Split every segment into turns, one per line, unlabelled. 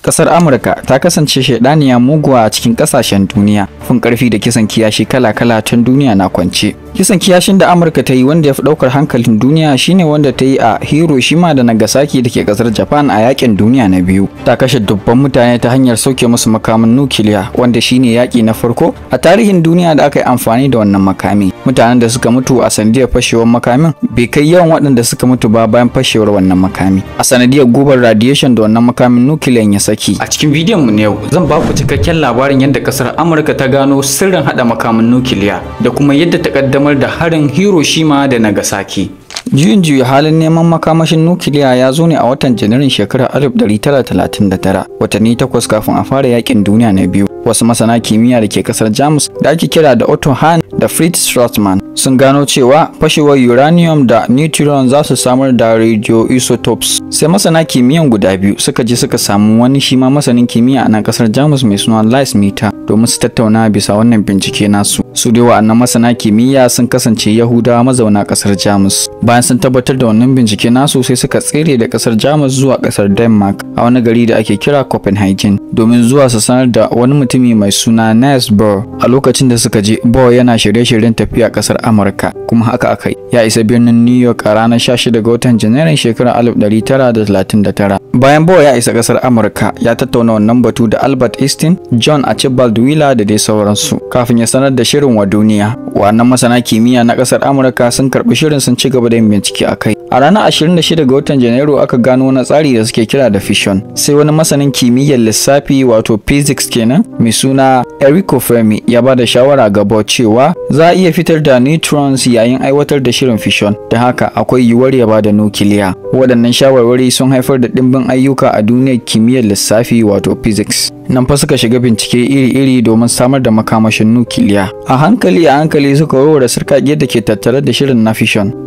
Kasar Amurka ta kasance shaidaniya muguwa a cikin kasashen duniya, fin karfi da kisan kiyashi kala-kala tun duniya na kwance. Kisan kiyashin da Amurka ta yi wanda ya fi daukar hankalin duniya shine wanda ta yi a Hiroshima da Nagasaki da ke kasar Japan a yakin duniya na biyu. Ta kashe dubban mutane ta hanyar sauke musu makamin nukiliya wanda shine yaki na farko a tarihin duniya da aka yi amfani da wannan makami. Mutanen da suka mutu a sanadiyar fashewar makamin bai kai yawan waɗanda suka mutu ba bayan fashewar wannan makami. A sanadiyar gubar radiation da wannan makamin nukiliyan ya saki a cikin bidiyon mu na yau zan ba ku cikakken labarin yadda kasar amurka ta gano sirrin hada makaman nukiliya da kuma yadda ta kaddamar da harin hiroshima da nagasaki Juyin juya halin neman makamashin nukiliya ya zo ne a watan Janairun shekarar 1939, watanni takwas kafin a fara yakin duniya na biyu. Wasu masana kimiyya da ke kasar Jamus da ake kira da Otto Hahn da Fritz Strassmann sun gano cewa fashewar uranium da neutron za su samar da radioisotopes sai masana kimiyyan guda biyu suka je suka samu wani shima masanin kimiyya na nan kasar jamus mai suna Lise Meter domin su tattauna bisa wannan bincike nasu su dai wa'annan masana kimiyya sun kasance yahudawa mazauna kasar jamus bayan sun tabbatar da wannan bincike nasu sai suka tsere da kasar jamus zuwa kasar denmark a wani gari da ake kira copenhagen domin zuwa su sanar da wani mutumi mai suna niels bohr a lokacin da suka je bohr yana shirye-shiryen tafiya kasar amurka kuma haka aka yi ya isa birnin new york a ranar 16 ga watan janairun shekarar 1939 bayan bohr ya isa kasar amurka ya tattauna wannan batu da albert einstein john archibald Wheeler da dai sauransu kafin ya sanar da shirin wa duniya. Wannan masana kimiyya na ƙasar Amurka sun karbi shirin sun ci gaba da yin bincike a kai. A ranar 26 ga watan Janairu aka gano wani tsari da suke kira da fission. Sai wani masanin kimiyyar lissafi wato physics kenan mai suna Enrico Fermi ya ba da shawara ga Bohr cewa za a iya fitar da neutrons yayin aiwatar da shirin fission. Da haka akwai yiwuwar ya ba da nukiliya. Waɗannan shawarwari sun haifar da ɗimbin ayyuka a duniyar kimiyyar lissafi wato physics. nan fa suka shiga bincike iri-iri domin samar da makamashin nukiliya a hankali a hankali suka warware sarkaƙiyar da ke tattare da shirin na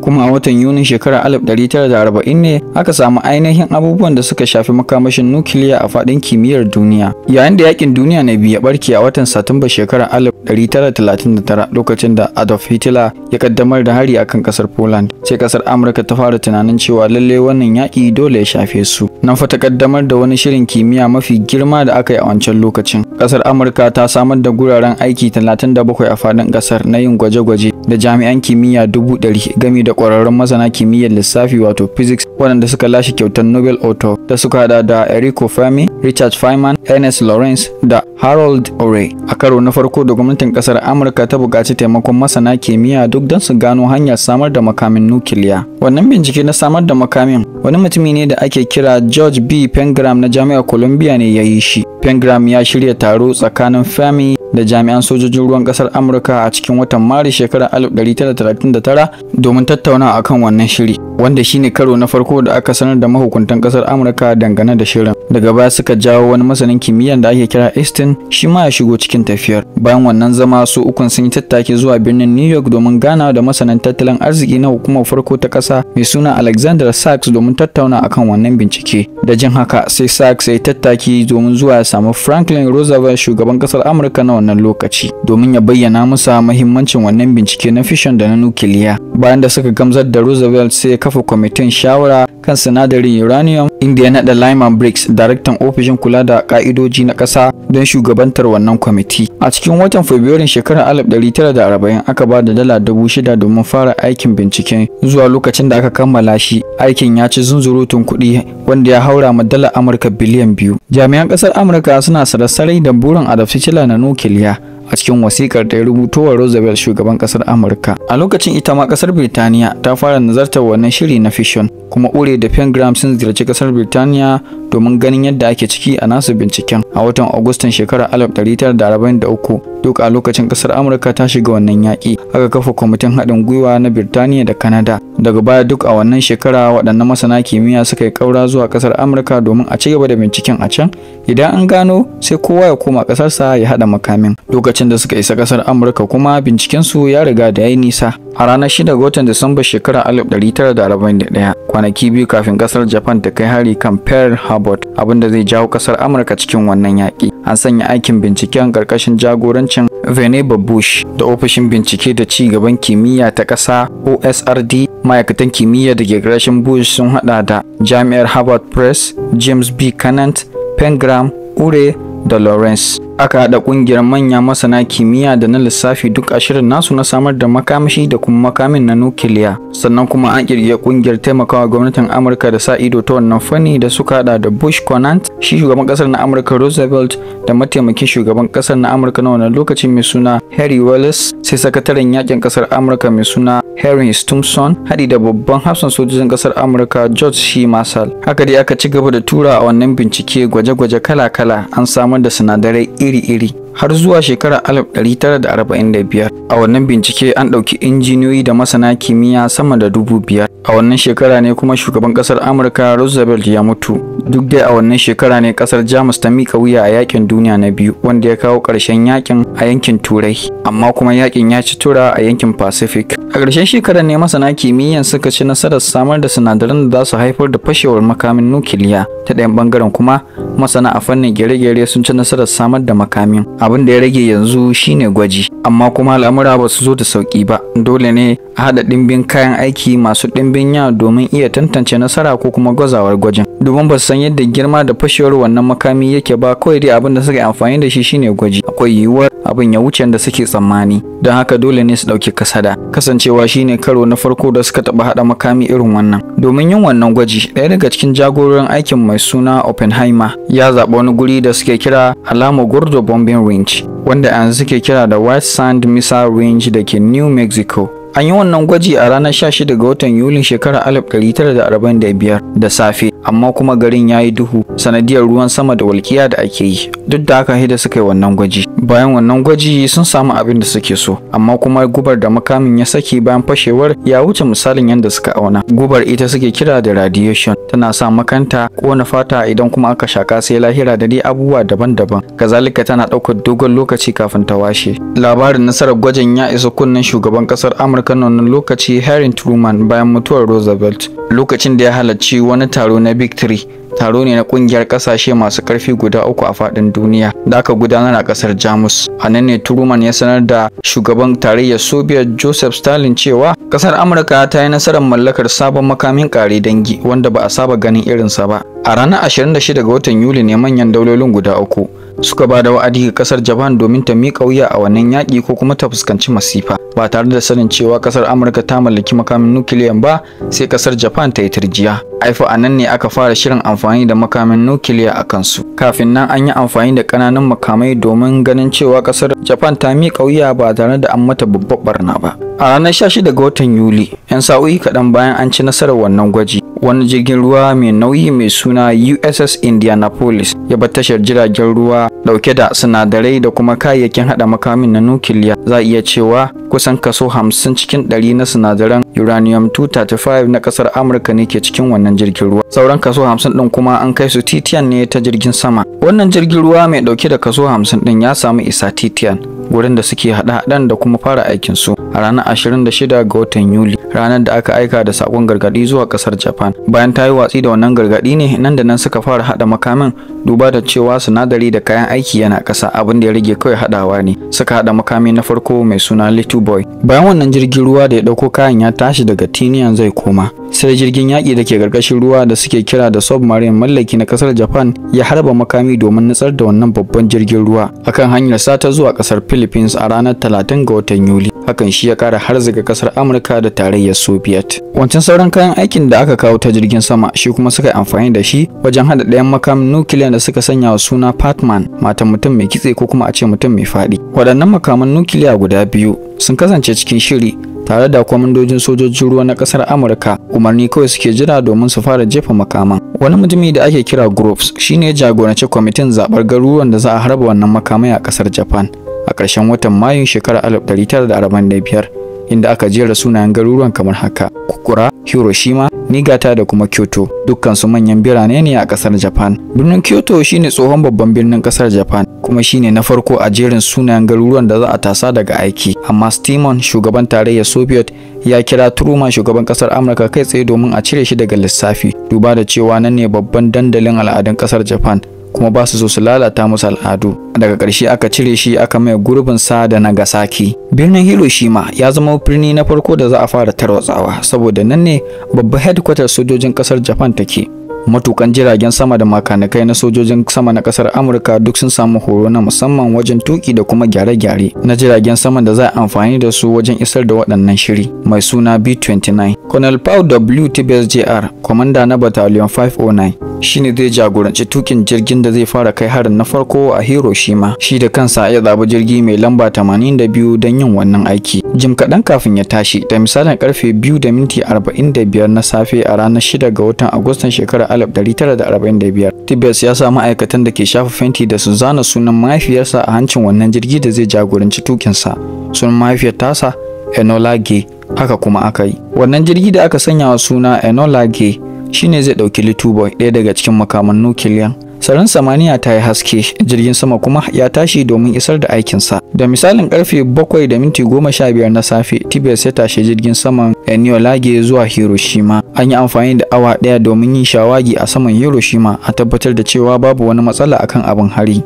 kuma a watan Yuni shekarar 1940 ne aka samu ainihin abubuwan da suka shafi makamashin nukiliya a faɗin kimiyyar duniya yayin da yakin duniya na biyu ya barke a watan satumba shekarar 1939 lokacin da adolf hitler ya kaddamar da hari akan kasar poland sai kasar amurka ta fara tunanin cewa lallai wannan yaƙi dole ya shafe su nan fa ta kaddamar da wani shirin kimiyya mafi girma da aka yi a wancan lokacin. Kasar Amurka ta samar da guraren aiki 37 a faɗin ƙasar na yin gwaje-gwaje da jami'an kimiyya dubu ɗari gami da ƙwararrun masana kimiyyar lissafi wato physics waɗanda suka lashe kyautar Nobel Auto da suka hada da Enrico Fermi, Richard Feynman, Ernest Lawrence da Harold Urey. A karo na farko da gwamnatin ƙasar Amurka ta buƙaci taimakon masana kimiyya duk don su gano hanyar samar da makamin nukiliya. Wannan bincike na samar da makamin wani mutumi ne da ake kira George B. Pengram na Jami'ar Columbia ne ya yi shi. Pengram ya shirya taro tsakanin Fermi da jami'an sojojin ruwan kasar Amurka a cikin watan mari shekarar 1939 domin tattauna akan wannan shiri wanda shine karo na farko da aka sanar da mahukuntan kasar Amurka dangane da shirin. Daga baya suka jawo wani masanin kimiyyar da ake kira Easton shi ma ya shigo cikin tafiyar. Bayan wannan zama su ukun sun yi tattaki zuwa birnin New York domin gana da masanin tattalin arziki na hukumar farko ta kasa mai suna Alexander Sachs domin tattauna akan wannan bincike. Da jin haka sai Sachs ya tattaki domin zuwa ya samu Franklin Roosevelt shugaban kasar Amurka na wannan lokaci domin ya bayyana masa mahimmancin wannan bincike na fission da na nukiliya bayan da suka gamzar da roosevelt sai ya kafa kwamitin shawara kan sinadarin uranium inda ya naɗa Lyman Briggs daraktan ofishin kula da ka'idoji na kasa don shugabantar wannan kwamiti. A cikin watan Fabrairu shekarar 1940 aka ba da dala dubu shida domin fara aikin binciken zuwa lokacin da aka kammala shi aikin ya ci zunzurutun kuɗi wanda ya haura ma dala Amurka biliyan biyu. Jami'an ƙasar Amurka suna sarasarai da burin adafci na nukiliya a cikin wasikar ta rubuto wa Roosevelt shugaban ƙasar Amurka. A lokacin ita ma ƙasar Birtaniya ta fara nazartar wannan shiri na fission kuma Ure da Pengram sun ziyarci kasar Birtaniya domin ganin yadda ake ciki a nasu binciken. A watan Agustan shekarar 1943 duk a lokacin kasar Amurka ta shiga wannan yaki aka kafa kwamitin haɗin gwiwa na Birtaniya da Kanada. Daga baya duk a wannan shekara waɗannan masana kimiyya suka yi ƙaura zuwa kasar Amurka domin a ci gaba da binciken a can idan an gano sai kowa ya koma ƙasarsa ya haɗa makamin. Lokacin Lokacin da suka isa kasar Amurka kuma bincikensu ya riga da ya nisa. A ranar 6 ga watan Disamba shekarar 1941, kwanaki biyu kafin kasar Japan ta kai hari kan Pearl Harbor, abinda zai jawo kasar Amurka cikin wannan yaki An sanya aikin binciken ƙarƙashin jagorancin Vannevar Bush da ofishin bincike da ci gaban kimiyya ta ƙasa OSRD ma'aikatan kimiyya da ke ƙarƙashin Bush sun haɗa da Jami'ar Harvard Press, James B. Canant, Pengram, Ure da Lawrence. aka haɗa ƙungiyar manya masana kimiyya da na lissafi duk a shirin nasu na samar da makamashi da kuma makamin na nukiliya sannan kuma an ƙirƙiri ƙungiyar taimakawa gwamnatin amurka da sa ido ta wannan fanni da suka haɗa da bush conant shi shugaban ƙasar na amurka roosevelt da mataimakin shugaban ƙasar na amurka na wannan lokacin mai suna harry wallace sai sakataren yakin ƙasar amurka mai suna harry stumson haɗi da babban hafsan sojojin ƙasar amurka george c marshall haka dai aka ci gaba da tura a wannan bincike gwaje-gwaje kala-kala an samar da sinadarai iri-iri har zuwa shekarar 1945 a wannan bincike an ɗauki injiniyoyi da masana kimiyya sama da dubu biyar a wannan shekara ne kuma shugaban ƙasar amurka roosevelt ya mutu duk dai a wannan shekara ne ƙasar jamus ta miƙa wuya a yakin duniya na biyu wanda ya kawo ƙarshen yakin a yankin turai amma kuma yakin ya ci tura a yankin pacific a ƙarshen shekarar ne masana kimiyyan suka ci nasarar samar da sinadaran da za su haifar da fashewar makamin nukiliya ta ɗayan ɓangaren kuma masana a fannin gere-gere sun ci nasarar samar da makamin abin da ya rage yanzu shine gwaji amma kuma al'amura ba su zo da sauki ba dole ne a haɗa ɗimbin kayan aiki masu ɗimbin yawa domin iya tantance nasara ko kuma gwazawar gwajin domin ba san yadda girma da fashewar wannan makami yake ba kawai dai abin da suka yi amfani da shi shine gwaji akwai yiwuwar abin ya wuce da suke tsammani don haka dole ne su ɗauki kasada kasancewa shine karo na farko da suka taɓa haɗa makami irin wannan domin yin wannan gwaji ɗaya daga cikin jagororin aikin mai suna oppenheimer ya zaba wani guri da suke kira alamo gordo bombing range wanda yanzu suke kira da white sand missile range dake ke new mexico An yi wannan gwaji a ranar 16 ga watan Yulin shekarar 1945 da safe, amma kuma garin ya yi duhu sanadiyar ruwan sama da walƙiya da ake yi. Duk da haka Hida suka yi wannan gwaji. bayan wannan gwaji sun samu abin da suke so amma kuma gubar da makamin ya saki bayan fashewar ya wuce misalin yadda suka auna gubar ita suke kira da radiation tana sa makanta kona fata idan kuma aka shaka sai lahira da dai abubuwa daban-daban kazalika tana ɗaukar dogon lokaci kafin ta washe labarin nasarar gwajin ya isa kunnen shugaban kasar amurka na wannan lokaci harry truman bayan mutuwar roosevelt lokacin da ya halarci wani taro na big three taro ne na kungiyar kasashe masu karfi guda uku a fadin duniya da aka gudanar a kasar Jamus. A nan ne Truman ya sanar da shugaban tarayyar Soviet Joseph Stalin cewa kasar Amurka ta yi nasarar mallakar sabon makamin kare dangi wanda ba a saba ganin irinsa ba. A ranar 26 ga watan Yuli ne manyan daulolin guda uku suka ba da wa'adi ga kasar Japan domin ta miƙa wuya a wannan yaki ko kuma ta fuskanci masifa ba tare da sanin cewa kasar Amurka ta mallaki makamin nukiliyan ba sai kasar Japan ta yi turjiya. haifa a nan ne aka fara shirin amfani da makamin nukiliya a kansu kafin nan an yi amfani da ƙananan makamai domin ganin cewa kasar japan ta miƙa wuya ba tare da an mata babbar barna ba a ranar 16 ga watan yuli 'yan sa'o'i kaɗan bayan an ci nasarar wannan gwaji wani jirgin ruwa mai nauyi mai suna USS Indianapolis ya bar tashar jiragen ruwa dauke da sinadarai da kuma kayayyakin hada makamin na nukiliya za a iya cewa kusan kaso 50 cikin 100 na sinadaran uranium 235 na kasar amurka ne ke cikin wannan jirgin ruwa sauran kaso 50 din kuma an kai su titian ne ta jirgin sama wannan jirgin ruwa mai dauke da kaso 50 din ya samu isa titian wurin da suke haɗa-haɗan da kuma fara aikin su a ranar 26 ga watan Yuli ranar da aka aika da sakon gargadi zuwa kasar Japan bayan ta yi watsi da wannan gargaɗi ne nan da nan suka fara haɗa makamin duba da cewa sinadari da kayan aiki yana ƙasa abin da ya rage kawai haɗawa ne suka hada makami na farko mai suna Little Boy bayan wannan jirgin ruwa da ya ɗauko kayan ya tashi daga tiniyan zai koma sai jirgin yaki da ke ƙarƙashin ruwa da suke kira da submarine mallaki na kasar Japan ya harba makami domin nutsar da wannan babban jirgin ruwa akan hanyar sata ta zuwa ƙasar Philippines a ranar 30 ga watan Yuli. Hakan shi ya kara harziga kasar Amurka da tarayyar Soviet. Wancan sauran kayan aikin da aka kawo ta jirgin sama shi kuma suka yi amfani da shi wajen hada ɗayan makamin nukiliya da suka sanya wa suna Patman, matan mutum mai kitse ko kuma a ce mutum mai faɗi. wadannan makaman nukiliya guda biyu sun kasance cikin shiri tare da kwamandojin sojojin ruwa na kasar Amurka umarni kawai suke jira domin su fara jefa makaman. Wani mutumi da ake kira Groves shine ya jagoranci kwamitin zabar garuruwan da za a harba wannan makamai a kasar Japan. a ƙarshen watan Mayun shekarar 1945 inda aka jera sunayen garuruwan kamar haka Kukura, Hiroshima, nigata da kuma Kyoto dukkansu manyan birane ne a ƙasar Japan. Birnin Kyoto shine tsohon babban birnin ƙasar Japan kuma shine na farko a jerin sunayen garuruwan da za a tasa daga aiki. Amma Stimon shugaban tarayyar Soviet ya kira Truman shugaban ƙasar Amurka kai tsaye domin a cire shi daga lissafi duba da cewa nan ne babban dandalin al'adun ƙasar Japan kuma ba su zo su lalata musu al'adu daga ƙarshe aka cire shi aka mai gurbin sa da Nagasaki birnin Hiroshima ya zama birni na farko da za a fara tarwatsawa saboda nan ne babban headquarter sojojin ƙasar Japan take matukan jiragen sama da makanikai na sojojin sama na kasar amurka duk sun samu horo na musamman wajen tuki da kuma gyare-gyare na jiragen sama da za a amfani da su wajen isar da waɗannan shiri mai suna b-29 Colonel paul W. Tibes Jr., kwamanda na Battalion 509, shine zai jagoranci tukin jirgin da zai fara kai harin na farko a Hiroshima. Shi da kansa ya zaba jirgi mai lamba 82 don yin wannan aiki. Jim kaɗan kafin ya tashi, da misalin karfe 2 da minti 45 na safe a ranar 6 ga watan Agustan shekarar 1945. Tibes ya sa ma'aikatan da ke shafa fenti da su zana sunan mahaifiyarsa a hancin wannan jirgi da zai jagoranci tukinsa. Sunan mahaifiyar tasa Enola Gay haka kuma aka yi wannan jirgi da aka sanya wa suna enola gay shine zai ɗauki little boy ɗaya daga cikin makaman nukiliyan Sarin samaniya ta yi haske, jirgin sama kuma ya tashi domin isar da aikinsa. Da misalin karfe 7 da minti 15 na safe, tibet ya tashi jirgin saman Eniolage zuwa Hiroshima. An yi amfani da awa ɗaya domin yin shawagi a saman Hiroshima a tabbatar da cewa babu wani matsala akan abin hari.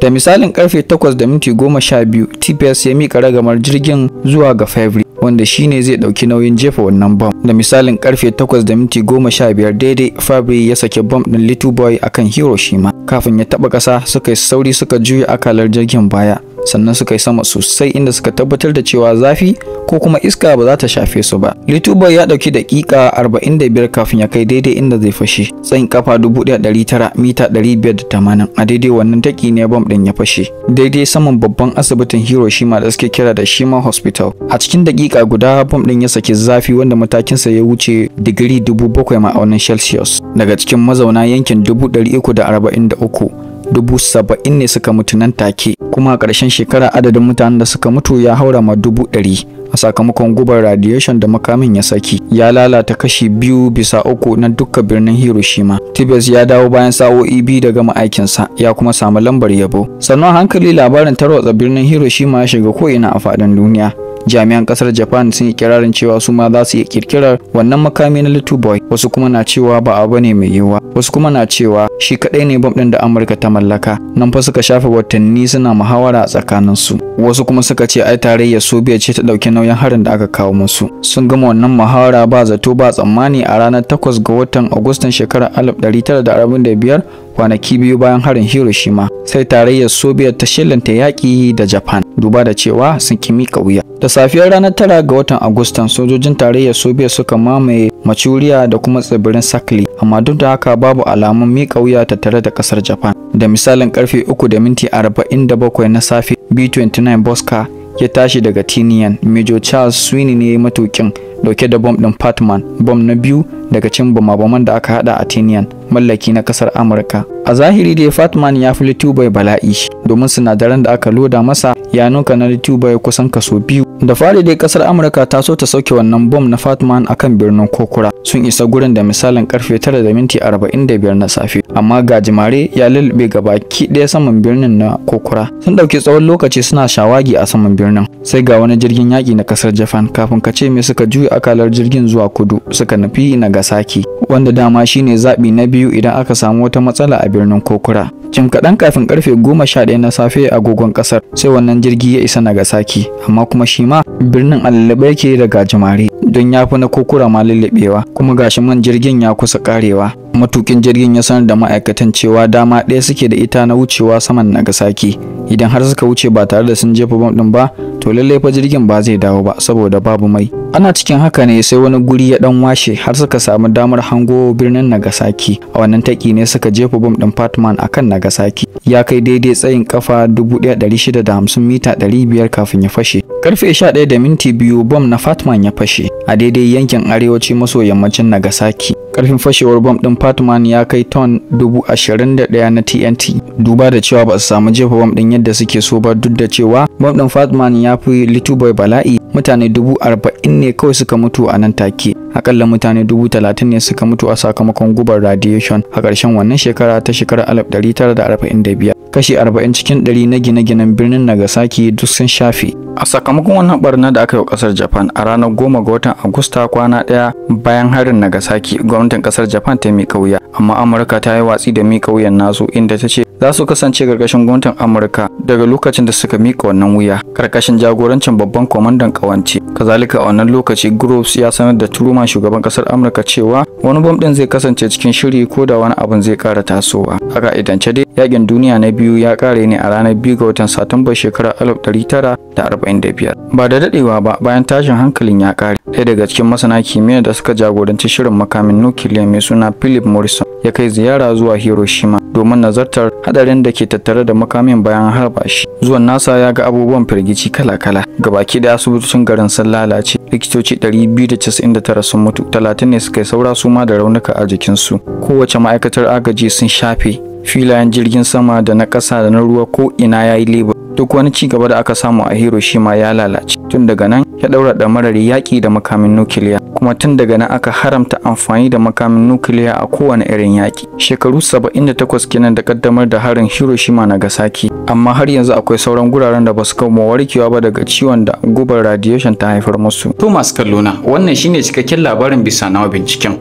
Da misalin karfe 8 da minti 12, tps ya mika ragamar jirgin zuwa ga fabri wanda shine zai dauki nauyin jefa wannan bam. da misalin karfe 8 da minti 15 daidai fabri ya sake bam ɗin little boy akan hiroshima kafin ya taɓa ƙasa suka yi sauri suka juya akalar jirgin baya sannan suka yi sama sosai inda suka tabbatar da cewa zafi ko kuma iska ba za ta shafe su ba. Lituba ya ɗauki daƙiƙa 45 kafin ya kai daidai inda zai fashe. Tsayin kafa 1900 mita 580 a daidai wannan taki ne bam ɗin ya fashe. Daidai saman babban asibitin Hiroshima da suke kira da Shima Hospital. A cikin dakika guda bomb ɗin ya saki zafi wanda matakin sa ya wuce digiri 7,000 ma'aunin Celsius. Daga cikin mazauna yankin 343 dubu saba'in ne suka mutu nan take kuma a ƙarshen shekara adadin mutanen da suka mutu ya haura ma dubu ɗari a sakamakon gubar radiation da makamin ya saki ya lalata kashi biyu bisa uku na dukkan birnin hiroshima tibes ya dawo bayan sa'o'i biyu daga ma'aikinsa ya kuma samu lambar yabo sannan hankali labarin tarwatsa birnin hiroshima ya shiga ko'ina a fadin duniya jami'an kasar japan sun yi kirarin cewa su ma za su iya kirkirar wannan makami na little boy wasu kuma na cewa ba abu ne mai yiwuwa wasu kuma na cewa shi kadai ne bam din da amurka ta mallaka nan fa suka shafe watanni suna muhawara a su wasu kuma suka ce ai tarayyar sobiya ce ta dauki nauyin harin da aka kawo musu sun gama wannan muhawara ba zato ba tsammani a ranar 8 ga watan agustan shekarar 1945 kwanaki biyu bayan harin Hiroshima sai tarayyar Soviet ta shillanta yaƙi da Japan duba da cewa sun kimi wuya. Da safiyar ranar tara ga watan Agustan sojojin tarayyar Soviet suka mamaye Machuria da kuma tsibirin Sakli amma duk da haka babu alamun miƙa wuya tare da ƙasar Japan. Da misalin karfe 3 da minti 47 na safe B29 Boska ya tashi daga Tinian. Major Charles Sweeney ne matukin dauke da bom din Patman, bom na biyu daga cin bama-baman da aka hada a Tinian, mallaki na kasar Amurka. A zahiri dai Fatman ya fi Litubai bala'i domin sinadaran da aka loda masa ya nuka na Litubai kusan kaso biyu Da fari dai kasar Amurka ta so ta sauke wannan bom na Fatman akan birnin Kokura sun isa gurin da misalin karfe 9:45 na safe amma gajimare ya lulube gabaki ɗaya saman birnin na Kokura sun ɗauki tsawon lokaci suna shawagi a saman birnin sai ga wani jirgin yaƙi na kasar Japan kafin ka ce me suka juya akalar jirgin zuwa kudu suka nufi Nagasaki wanda dama shine zaɓi na biyu idan aka samu wata matsala a birnin Kokura Jim kaɗan kafin karfe goma sha ɗaya na safe a agogon ƙasar sai wannan jirgi ya isa Nagasaki amma kuma shi ma birnin alalaba yake da gajimare, don ya fi na kokura ma lullubewa kuma gashi man jirgin ya kusa ƙarewa matukin jirgin ya sanar da ma'aikatan cewa dama ɗaya suke da ita na wucewa saman nagasaki idan har suka wuce ba tare da sun jefa bom ɗin ba to lallai fa jirgin ba zai dawo ba saboda babu mai ana cikin haka ne sai wani guri ya dan washe har suka samu damar hango birnin nagasaki a wannan taki ne suka jefa bom ɗin fatman akan nagasaki ya kai daidai tsayin kafa 1650 mita 500 kafin ya fashe karfe 11 da minti biyu bom na fatman ya fashe a daidai yankin arewaci maso yammacin Nagasaki. Karfin fashewar bom ɗin Fatman ya kai ton 21,000 na TNT. Duba da cewa ba su samu jefa bom ɗin yadda suke so ba duk da cewa bom ɗin Fatman ya fi Little Boy bala'i mutane dubu arba'in ne kawai suka mutu a nan take akalla mutane dubu ne suka mutu a sakamakon gubar radiation a karshen wannan shekara ta shekarar 1945 kashi 40 cikin 100 na gine-ginen birnin Nagasaki duk sun shafe. A sakamakon wannan barna da aka yi wa kasar Japan a ranar 10 ga watan Agusta kwana ɗaya bayan harin Nagasaki, gwamnatin kasar Japan ta miƙa wuya, amma Amurka ta yi watsi da miƙa wuyan nasu inda ta ce za su kasance karkashin gwamnatin Amurka daga lokacin da suka mika wannan wuya karkashin jagorancin babban kwamandan kawance. Kazalika a wannan lokaci Groves ya sanar da Truman shugaban kasar Amurka cewa wani bom din zai kasance cikin shiri ko da wani abin zai kara tasowa. idan ka'idance dai yakin duniya na biyu ya kare ne a ranar 2 ga watan Satumba shekarar 1945. Ba da dadewa ba bayan tashin hankalin ya kare. Ɗaya daga cikin masana kimiyya da suka jagoranci shirin makamin nukiliya mai suna Philip Morrison ya kai ziyara zuwa Hiroshima domin nazartar hadarin da ke tattare da makamin bayan harba shi zuwan nasa ya ga abubuwan firgici kala-kala gabaki da asibitocin garin sun lalace likitoci 299 sun mutu 30 ne suka yi saura su ma da raunuka a jikinsu kowace ma'aikatar agaji sun shafe filayen jirgin sama da na ƙasa da na ruwa ko ina ya yi lebur duk wani ci gaba da aka samu a Hiroshima ya lalace tun daga nan ya daura marar yaki da makamin nukiliya kuma tun daga nan aka haramta amfani da makamin nukiliya a kowane irin yaki shekaru 78 kenan da kaddamar da harin Hiroshima Nagasaki amma har yanzu akwai sauran guraren da ba su kawo warkewa ba daga ciwon da gubar radiation ta haifar musu to masu kallona wannan shine cikakken labarin bisa nawa binciken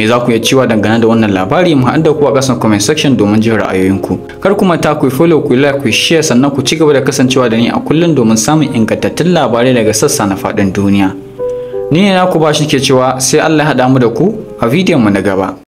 me za ku iya cewa dangane da wannan labari mu haɗa ku a ƙasan comment section domin jin ra'ayoyinku kar ku ta ku follow ku like ku share sannan ku ci gaba da kasancewa da ni a kullum domin samun ingantattun labarai daga sassa na faɗin duniya ni ne naku bashi ke cewa sai Allah ya haɗa mu da ku a bidiyon mu na gaba